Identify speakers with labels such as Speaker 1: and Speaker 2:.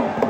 Speaker 1: Thank you.